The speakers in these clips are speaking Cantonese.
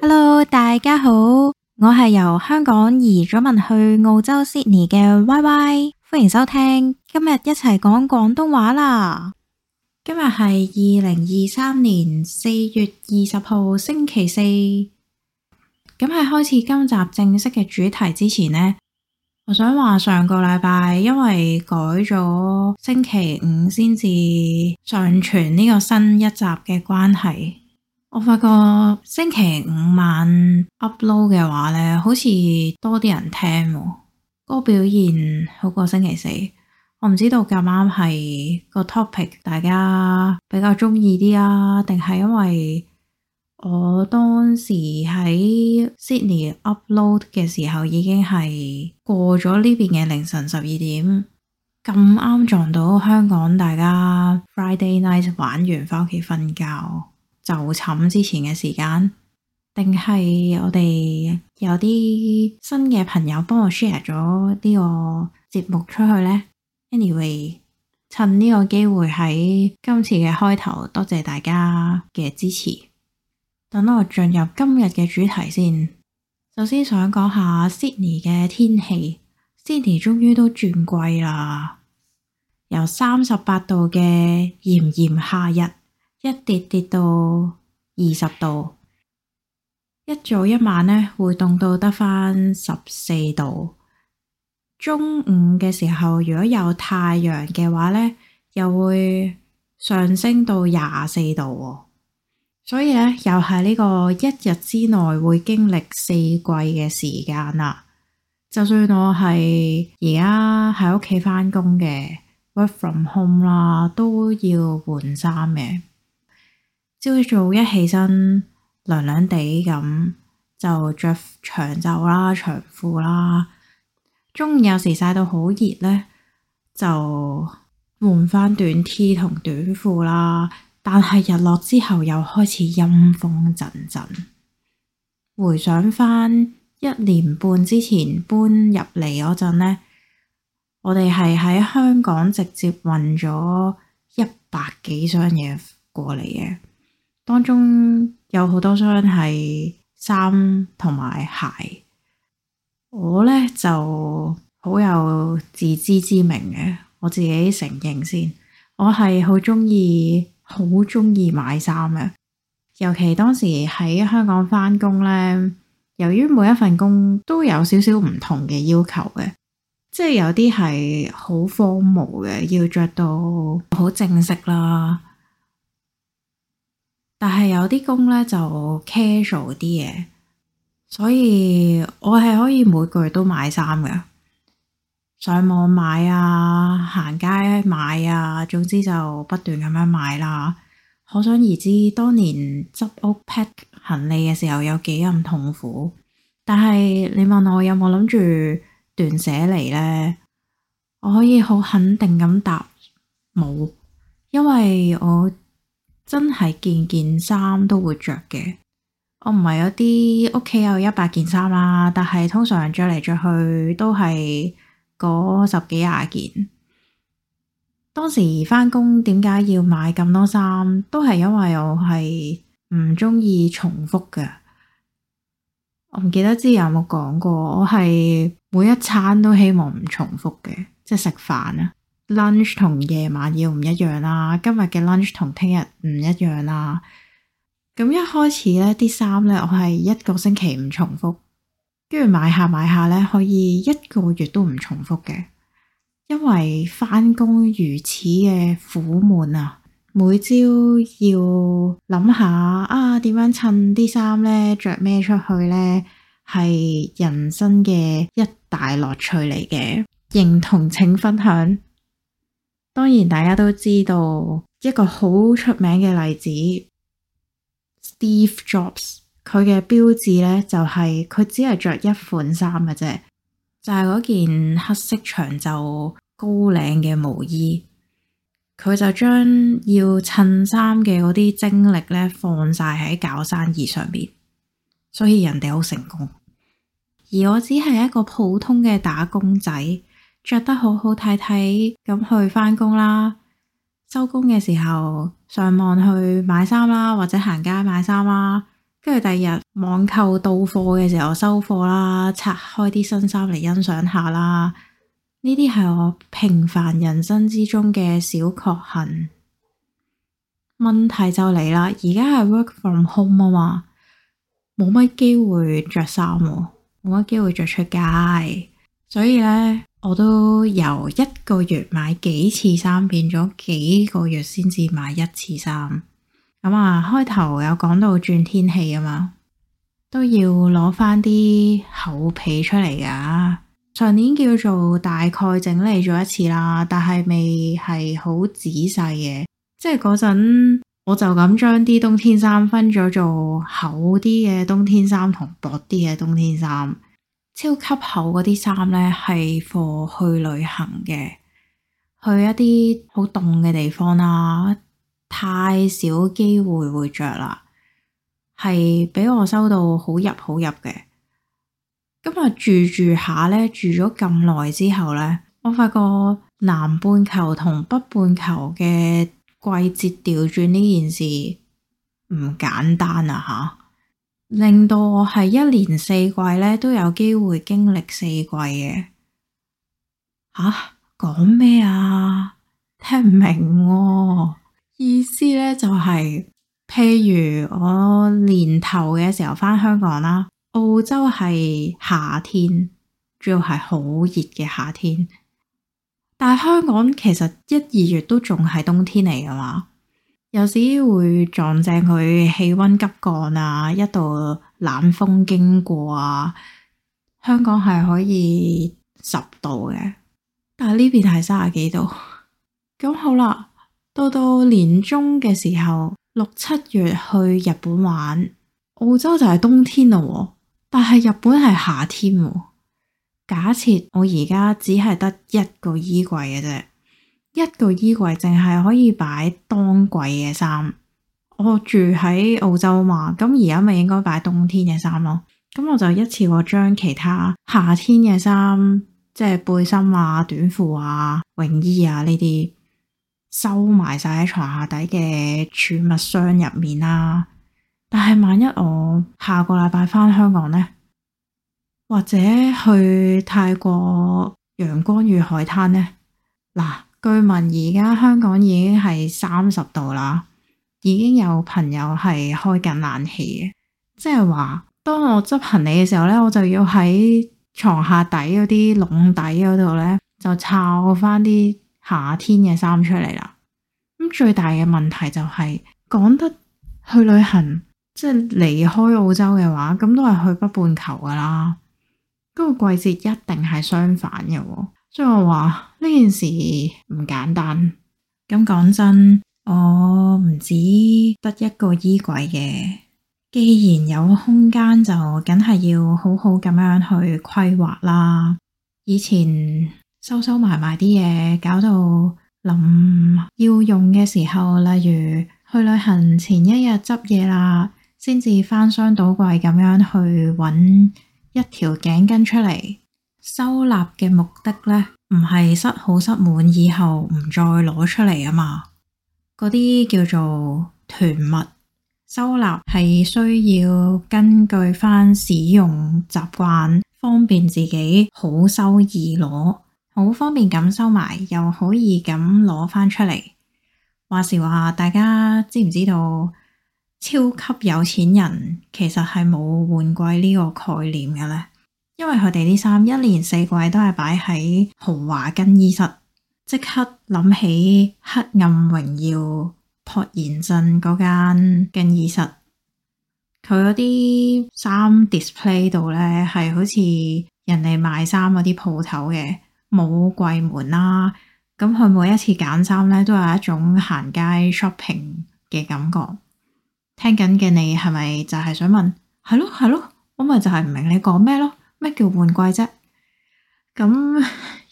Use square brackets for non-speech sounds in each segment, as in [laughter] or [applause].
Hello，大家好，我係由香港移咗民去澳洲 Sydney 嘅 Y Y，歡迎收聽，今日一齊講廣東話啦。今日係二零二三年四月二十號星期四，咁喺開始今集正式嘅主題之前呢。我想話上個禮拜，因為改咗星期五先至上傳呢個新一集嘅關係，我發覺星期五晚 upload 嘅話呢，好似多啲人聽喎，個表現好過星期四。我唔知道咁啱係個 topic 大家比較中意啲啊，定係因為？我當時喺 Sydney upload 嘅時候，已經係過咗呢邊嘅凌晨十二點，咁啱撞到香港大家 Friday night 玩完，翻屋企瞓覺就寢之前嘅時間，定係我哋有啲新嘅朋友幫我 share 咗呢個節目出去呢？Anyway，趁呢個機會喺今次嘅開頭，多謝大家嘅支持。等我進入今日嘅主題先。首先想講下 Sydney 嘅天氣，Sydney 終於都轉季啦，由三十八度嘅炎炎夏日，一跌跌到二十度，一早一晚呢會凍到得返十四度。中午嘅時候，如果有太陽嘅話呢又會上升到廿四度。所以咧，又係呢個一日之內會經歷四季嘅時間啦。就算我係而家喺屋企返工嘅 work from home 啦，都要換衫嘅。朝早一起身，涼涼地咁就着長袖啦、長褲啦。中午有時晒到好熱咧，就換返短 T 同短褲啦。但係日落之後又開始陰風陣陣。回想翻一年半之前搬入嚟嗰陣呢，我哋係喺香港直接運咗一百幾箱嘢過嚟嘅，當中有好多箱係衫同埋鞋。我呢就好有自知之明嘅，我自己承認先，我係好中意。好中意買衫嘅，尤其當時喺香港翻工呢，由於每一份工都有少少唔同嘅要求嘅，即係有啲係好荒謬嘅，要着到好正式啦。但係有啲工呢，就 casual 啲嘢，所以我係可以每個月都買衫嘅。上網買啊，行街買啊，總之就不斷咁樣買啦。可想而知，當年執屋 pack 行李嘅時候有幾咁痛苦。但係你問我有冇諗住斷捨離呢？我可以好肯定咁答冇，因為我真係件件衫都會着嘅。我唔係有啲屋企有一百件衫啦，啊，但係通常着嚟着去都係嗰十幾廿件，當時返工點解要買咁多衫？都係因為我係唔中意重複嘅。我唔記得之前有冇講過，我係每一餐都希望唔重複嘅，即係食飯啊，lunch 同夜晚要唔一樣啦，今日嘅 lunch 同聽日唔一樣啦。咁一開始呢啲衫呢，我係一個星期唔重複。跟住買下買下咧，可以一個月都唔重複嘅。因為返工如此嘅苦悶啊！每朝要諗下啊，點樣襯啲衫咧，着咩出去咧，係人生嘅一大樂趣嚟嘅。認同請分享。當然大家都知道一個好出名嘅例子，Steve Jobs。佢嘅標誌呢，就係、是、佢只係着一款衫嘅啫，就係、是、嗰件黑色長袖高領嘅毛衣。佢就將要襯衫嘅嗰啲精力呢，放晒喺搞生意上面。所以人哋好成功。而我只係一個普通嘅打工仔，着得好好睇睇咁去返工啦。收工嘅時候上網去買衫啦，或者行街買衫啦。跟住第二日網購到貨嘅時候收貨啦，拆開啲新衫嚟，欣賞下啦，呢啲係我平凡人生之中嘅小確幸。問題就嚟啦，而家係 work from home 啊嘛，冇乜機會着衫喎，冇乜機會着出街，所以咧我都由一個月買幾次衫變咗幾個月先至買一次衫。咁啊、嗯，開頭有講到轉天氣啊嘛，都要攞翻啲厚被出嚟噶、啊。上年叫做大概整理咗一次啦，但係未係好仔細嘅。即係嗰陣我就咁將啲冬天衫分咗做厚啲嘅冬天衫同薄啲嘅冬天衫。超級厚嗰啲衫呢，係 for 去旅行嘅，去一啲好凍嘅地方啦。太少機會會着啦，係俾我收到好入好入嘅。今日住住下咧，住咗咁耐之後咧，我發覺南半球同北半球嘅季節調轉呢件事唔簡單啊吓、啊，令到我係一年四季咧都有機會經歷四季嘅。吓講咩啊？聽唔明、啊。意思咧就係、是，譬如我年頭嘅時候返香港啦，澳洲係夏天，主要係好熱嘅夏天。但係香港其實一二月都仲係冬天嚟㗎嘛，有時會撞正佢氣溫急降啊，一度冷風經過啊，香港係可以十度嘅，但係呢邊係三十幾度，咁 [laughs] 好啦。到到年中嘅時候，六七月去日本玩，澳洲就係冬天咯。但係日本係夏天。假設我而家只係得一個衣櫃嘅啫，一個衣櫃淨係可以擺當季嘅衫。我住喺澳洲嘛，咁而家咪應該擺冬天嘅衫咯。咁我就一次過將其他夏天嘅衫，即係背心啊、短褲啊、泳衣啊呢啲。收埋晒喺床下底嘅儲物箱入面啦，但係萬一我下個禮拜翻香港呢，或者去泰國陽光與海灘呢，嗱，據聞而家香港已經係三十度啦，已經有朋友係開緊冷氣嘅，即係話當我執行李嘅時候呢，我就要喺床下底嗰啲籠底嗰度呢，就抄翻啲，夏天嘅衫出嚟啦，咁最大嘅問題就係，講得去旅行，即係離開澳洲嘅話，咁都係去北半球噶啦，嗰個季節一定係相反嘅喎，所以我話呢件事唔簡單。咁講真，我唔只得一個衣櫃嘅，既然有空間，就梗係要好好咁樣去規劃啦。以前。收收埋埋啲嘢，搞到諗要用嘅時候，例如去旅行前一日執嘢啦，先至翻箱倒櫃咁樣去搵一條頸巾出嚟。收納嘅目的呢，唔係塞好塞滿以後唔再攞出嚟啊嘛。嗰啲叫做囤物。收納係需要根據翻使用習慣，方便自己好收易攞。好方便咁收埋，又可以咁攞翻出嚟。話時話，大家知唔知道超級有錢人其實係冇換季呢個概念嘅呢？因為佢哋啲衫一年四季都係擺喺豪華更衣室。即刻諗起黑暗榮耀朴妍珍嗰間更衣室，佢嗰啲衫 display 度呢，係好似人哋賣衫嗰啲鋪頭嘅。冇櫃門啦、啊，咁佢每一次揀衫咧，都有一種行街 shopping 嘅感覺。聽緊嘅你係咪就係想問？係咯，係咯，我咪就係唔明你講咩咯？咩叫換季啫？咁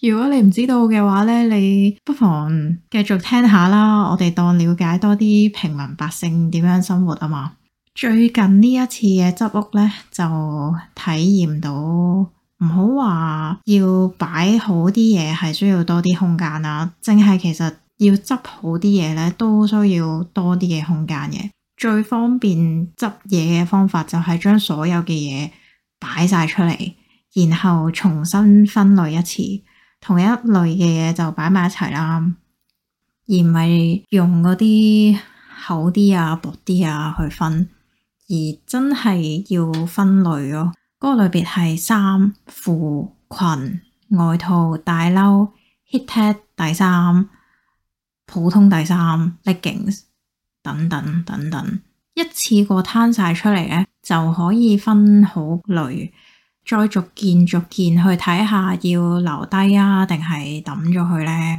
如果你唔知道嘅話咧，你不妨繼續聽下啦。我哋當了解多啲平民百姓點樣生活啊嘛。最近呢一次嘅執屋咧，就體驗到。唔好話要擺好啲嘢係需要多啲空間啦，淨係其實要執好啲嘢咧，都需要多啲嘅空間嘅。最方便執嘢嘅方法就係將所有嘅嘢擺晒出嚟，然後重新分類一次，同一類嘅嘢就擺埋一齊啦，而唔係用嗰啲厚啲啊、薄啲啊去分，而真係要分類咯、哦。嗰個類別係衫、褲、裙、外套、大褸、heattech、大衫、普通大衫、leggings 等等等等，一次過攤晒出嚟咧，就可以分好類，再逐件逐件去睇下要留低啊，定係抌咗佢咧？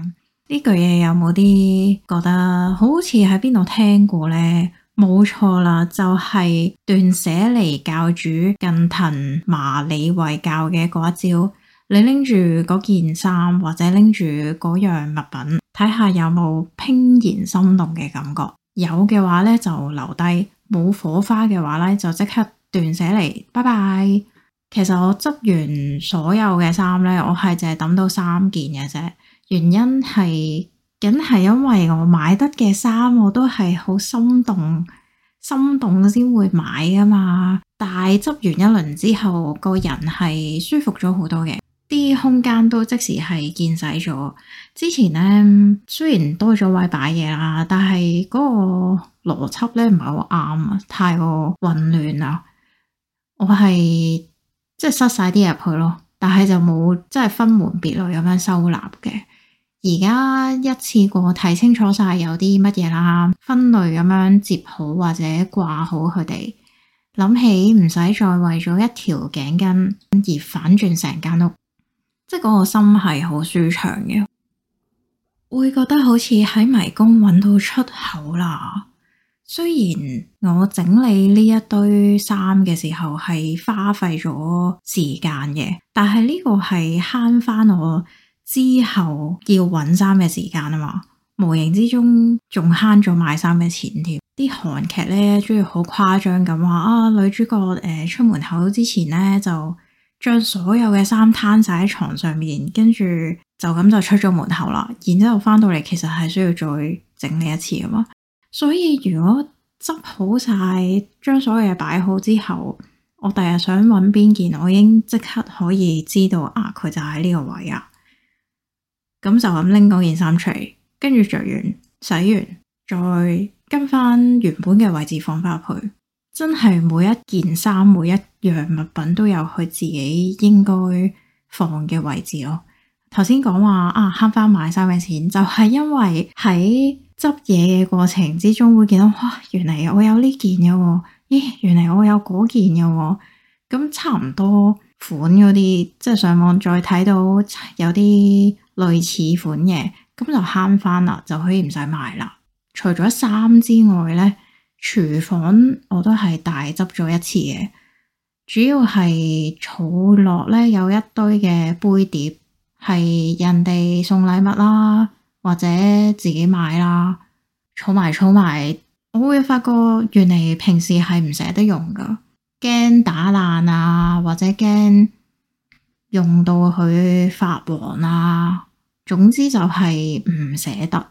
呢句嘢有冇啲覺得好似喺邊度聽過咧？冇錯啦，就係、是、斷捨離教主近藤麻里惠教嘅嗰一招，你拎住嗰件衫或者拎住嗰樣物品，睇下有冇怦然心動嘅感覺，有嘅話呢，就留低，冇火花嘅話呢，就即刻斷捨離，拜拜。其實我執完所有嘅衫呢，我係淨係抌到三件嘅啫，原因係。緊係因為我買得嘅衫，我都係好心動，心動先會買噶嘛。但係執完一輪之後，個人係舒服咗好多嘅，啲空間都即時係見使咗。之前呢，雖然多咗位擺嘢啦，但係嗰個邏輯咧唔係好啱啊，太過混亂啦。我係即係塞晒啲入去咯，但係就冇即係分門別類咁樣收納嘅。而家一次過睇清楚晒有啲乜嘢啦，分類咁樣接好或者掛好佢哋，諗起唔使再為咗一條頸巾而反轉成間屋，即係嗰個心係好舒暢嘅。會覺得好似喺迷宮揾到出口啦。雖然我整理呢一堆衫嘅時候係花費咗時間嘅，但係呢個係慳翻我之後要揾衫嘅時間啊嘛，無形之中仲慳咗買衫嘅錢添。啲韓劇呢，中意好誇張咁話啊，女主角誒、呃、出門口之前呢，就將所有嘅衫攤晒喺床上面，跟住，就咁就出咗門口啦。然之後翻,到嚟，其實係需要再整理一次啊嘛。所以如果執好晒，將所有嘢擺好之後，我第日想揾邊件，我已經即刻可以知道啊，佢就喺呢個位啊。咁就咁拎嗰件衫出嚟，跟住着完、洗完，再跟翻原本嘅位置放翻入去。真係每一件衫、每一樣物品都有佢自己應該放嘅位置咯。頭先講話啊慳翻買衫嘅錢，就係因為喺執嘢嘅過程之中會見到，哇！原嚟我有呢件嘅，咦、欸？原嚟我有嗰件嘅，咁差唔多款嗰啲，即係上網再睇到有啲。類似款嘅，咁就慳翻啦，就可以唔使買啦。除咗衫之外咧，廚房我都係大執咗一次嘅。主要係儲落咧，有一堆嘅杯碟，係人哋送禮物啦，或者自己買啦，儲埋儲埋，我會發覺原嚟，平時係唔捨得用噶，驚打爛啊，或者驚用到佢發黃啊。總之就係唔捨得，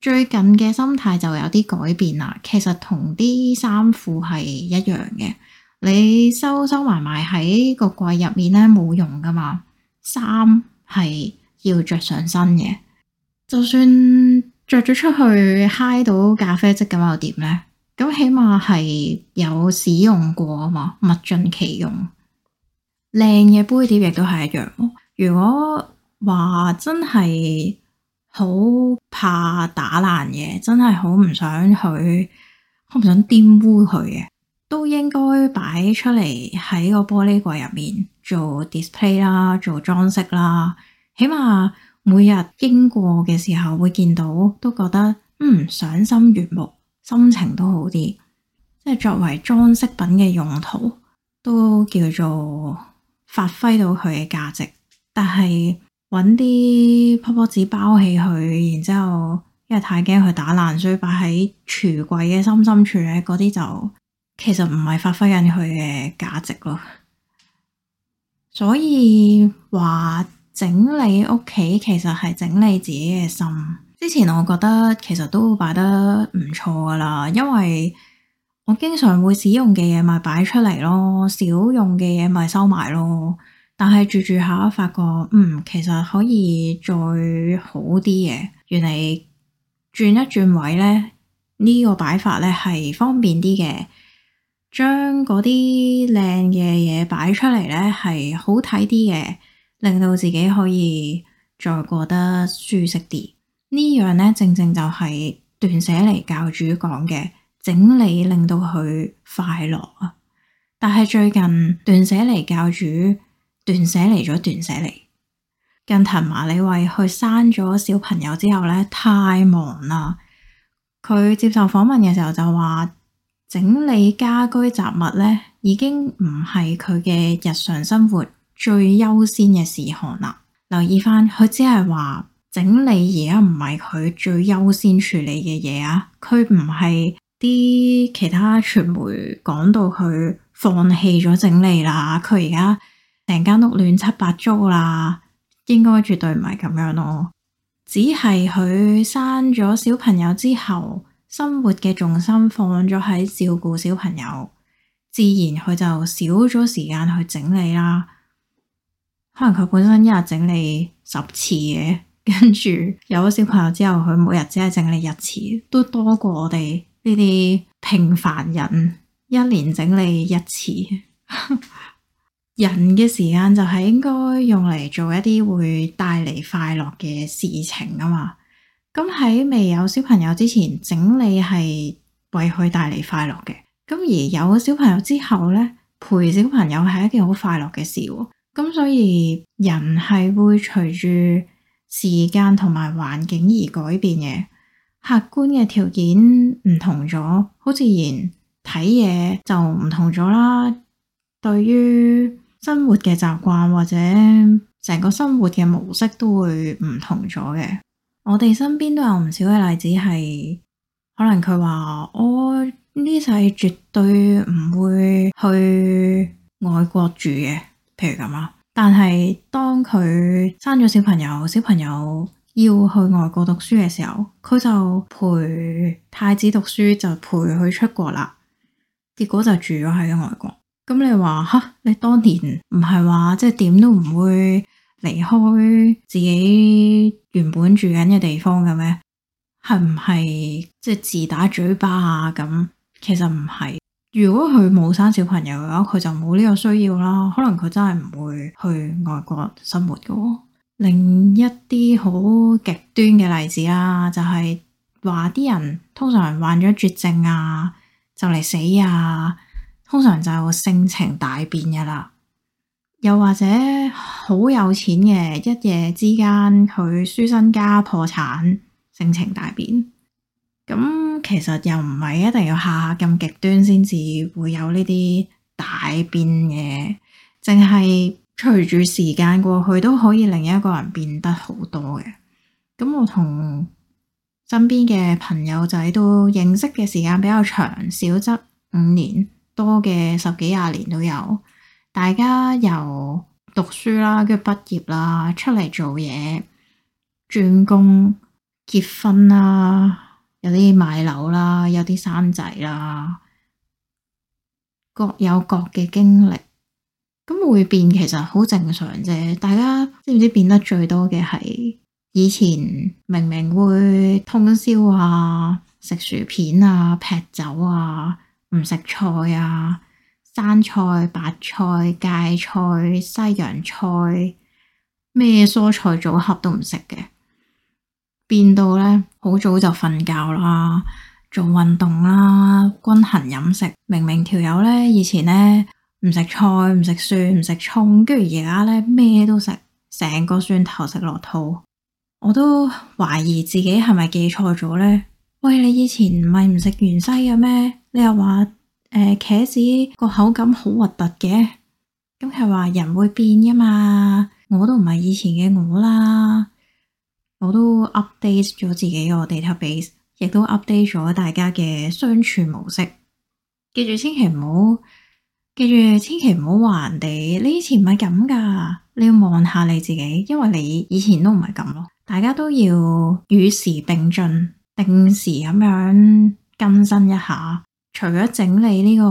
最近嘅心態就有啲改變啦。其實同啲衫褲係一樣嘅，你收收埋埋喺個櫃入面咧，冇用噶嘛。衫係要着上身嘅，就算着咗出去，揩到咖啡漬咁又點咧？咁起碼係有使用過啊嘛，物盡其用。靚嘅杯碟亦都係一樣，如果。話真係好怕打爛嘢，真係好唔想佢，我唔想玷污佢嘅，都應該擺出嚟，喺個玻璃櫃入面做 display 啦，做裝飾啦，起碼每日經過嘅時候會見到，都覺得，嗯，賞心悅目，心情都好啲。即係作為裝飾品嘅用途，都叫做發揮到佢嘅價值，但係。搵啲泡泡紙包起佢，然之後因為太驚佢打爛，所以擺喺櫥櫃嘅深深處咧。嗰啲就其實唔係發揮緊佢嘅價值咯。所以話整理屋企，其實係 [laughs] 整，整理自己嘅心。之前我覺得其實都擺得唔錯噶啦，因為我經常會使用嘅嘢咪擺出嚟咯，少用嘅嘢咪收埋咯。但係住住下，發覺嗯，其實可以再好啲嘅。原來轉一轉位呢，呢、這個擺法呢係方便啲嘅。將嗰啲靚嘅嘢擺出嚟呢，係好睇啲嘅，令到自己可以再過得舒適啲。呢樣呢，正正就係斷捨離教主講嘅，整理令到佢快樂啊。但係最近斷捨離教主。.斷捨離咗斷捨離，近藤麻里惠去生咗小朋友之後咧，太忙啦。佢接受訪問嘅時候就話，整理家居雜物咧，已經唔係佢嘅日常生活最優先嘅事項啦。留意返，佢只係話整理而家唔係佢最優先處理嘅嘢啊。佢唔係啲其他傳媒講到佢放棄咗整理啦，佢而家，成間屋亂七八糟啦，應該絕對唔係咁樣咯。只係佢生咗小朋友之後，生活嘅重心放咗喺照顧小朋友，自然佢就少咗時間去整理啦。可能佢本身一日整理十次嘅，跟住有咗小朋友之後，佢每日只係整理一次，都多過我哋呢啲平凡人一年整理一次。 [laughs] 人嘅時間就係應該用嚟做一啲會帶嚟快樂嘅事情啊嘛，咁喺未有小朋友之前，整理係為佢帶嚟快樂嘅，咁而有小朋友之後呢，陪小朋友係一件好快樂嘅事啊，咁所以人係會隨住時間同埋環境而改變嘅，客觀嘅條件唔同咗，好自然睇嘢就唔同咗啦，對於生活嘅習慣或者成個生活嘅模式都會唔同咗嘅。我哋身邊都有唔少嘅例子係，可能佢話我呢世絕對唔會去外國住嘅，譬如咁啊。但係當佢生咗小朋友，小朋友要去外國讀書嘅時候，佢就陪太子讀書，就陪佢出國啦。結果就住咗喺外國。咁你話吓，你當年唔係話即係點都唔會離開自己原本住緊嘅地方嘅咩？係唔係即係自打嘴巴啊？咁其實唔係。如果佢冇生小朋友嘅話，佢就冇呢個需要啦。可能佢真係唔會去外國生活㗎。另一啲好極端嘅例子啦、啊，就係話啲人通常患咗絕症啊，就嚟死啊。通常就性情大變嘅啦，又或者好有錢嘅一夜之間佢輸身家破產，性情大變。咁其實又唔係一定要下下咁極端先至會有呢啲大變嘅，淨係隨住時間過去都可以令一個人變得好多嘅。咁我同身邊嘅朋友仔都認識嘅時間比較長，少則五年。多嘅十幾廿年都有，大家由讀書啦，跟住畢業啦，出嚟做嘢，轉工，結婚啦，有啲買樓啦，有啲生仔啦，各有各嘅經歷，咁會變其實好正常啫。大家知唔知變得最多嘅係以前明明會通宵啊，食薯片啊，劈酒啊。唔食菜啊，生菜、白菜、芥菜、西洋菜，咩蔬菜組合都唔食嘅。變到咧，好早就瞓覺啦，做運動啦，均衡飲食。明明條友咧，以前咧唔食菜、唔食蒜、唔食蔥，跟住而家咧咩都食，成個蒜頭食落肚，我都懷疑自己係咪記錯咗咧？喂，你以前唔係唔食芫荽嘅咩？你又話誒、呃、茄子個口感好核突嘅。咁，係話人會變啊嘛？我都唔係以前嘅我啦，我都 update 咗自己個 database，亦都 update 咗大家嘅相處模式。記住千，千祈唔好記住千，千祈唔好話人哋你以前唔係咁噶。你要望下你自己，因為你以前都唔係咁咯。大家都要與時並進。定時咁樣更新一下，除咗整理呢個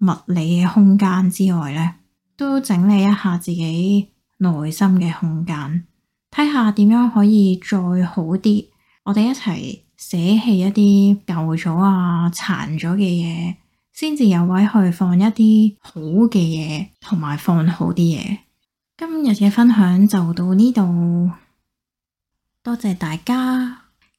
物理嘅空間之外呢，都整理一下自己內心嘅空間，睇下點樣可以再好啲。我哋一齊捨棄一啲舊咗啊、殘咗嘅嘢，先至有位去放一啲好嘅嘢，同埋放好啲嘢。今日嘅分享就到呢度，多謝大家。